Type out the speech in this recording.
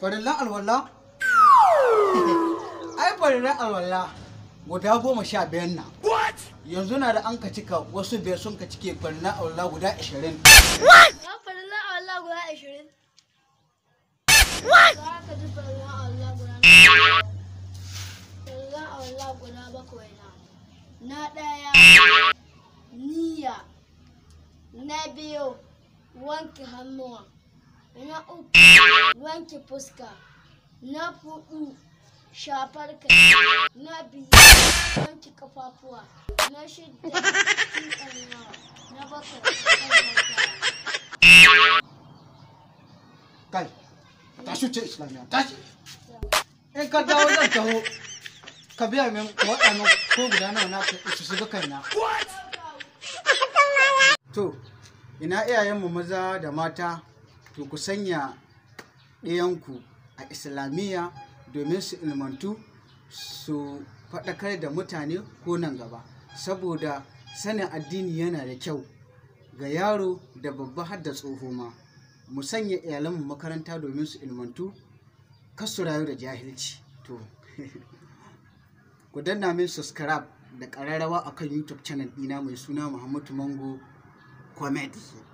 farillan alwala ai farillan alwala guda goma sha biyan na yanzu na da an ka cika wasu biyar sun ka cike farillan alwala guda ashirin farillan alwala guda ashirin na ɗaya niya, na biyu wanke hannuwa na uku wanke fuska na hudu shafar kai na biyu, wanke kafafuwa na shidda tutarwa na bakwai kai tashi ce islamiyya shi. in ka dawo zan taho ka biya min waɗannan ko guda nawa na su shiga kaina to ina iyayenmu maza da mata to ku sanya ɗayanku a islamiyya domin su ilmantu su faɗakar da mutane ko nan gaba saboda sanin addini yana da kyau ga yaro da babba har da tsoho ma mu sanya iyalanmu makaranta domin su ilmantu kar su rayu da jahilci to ku danna min subscribe da ƙararrawa akan youtube channel ɗina mai suna muhammadu mango comedy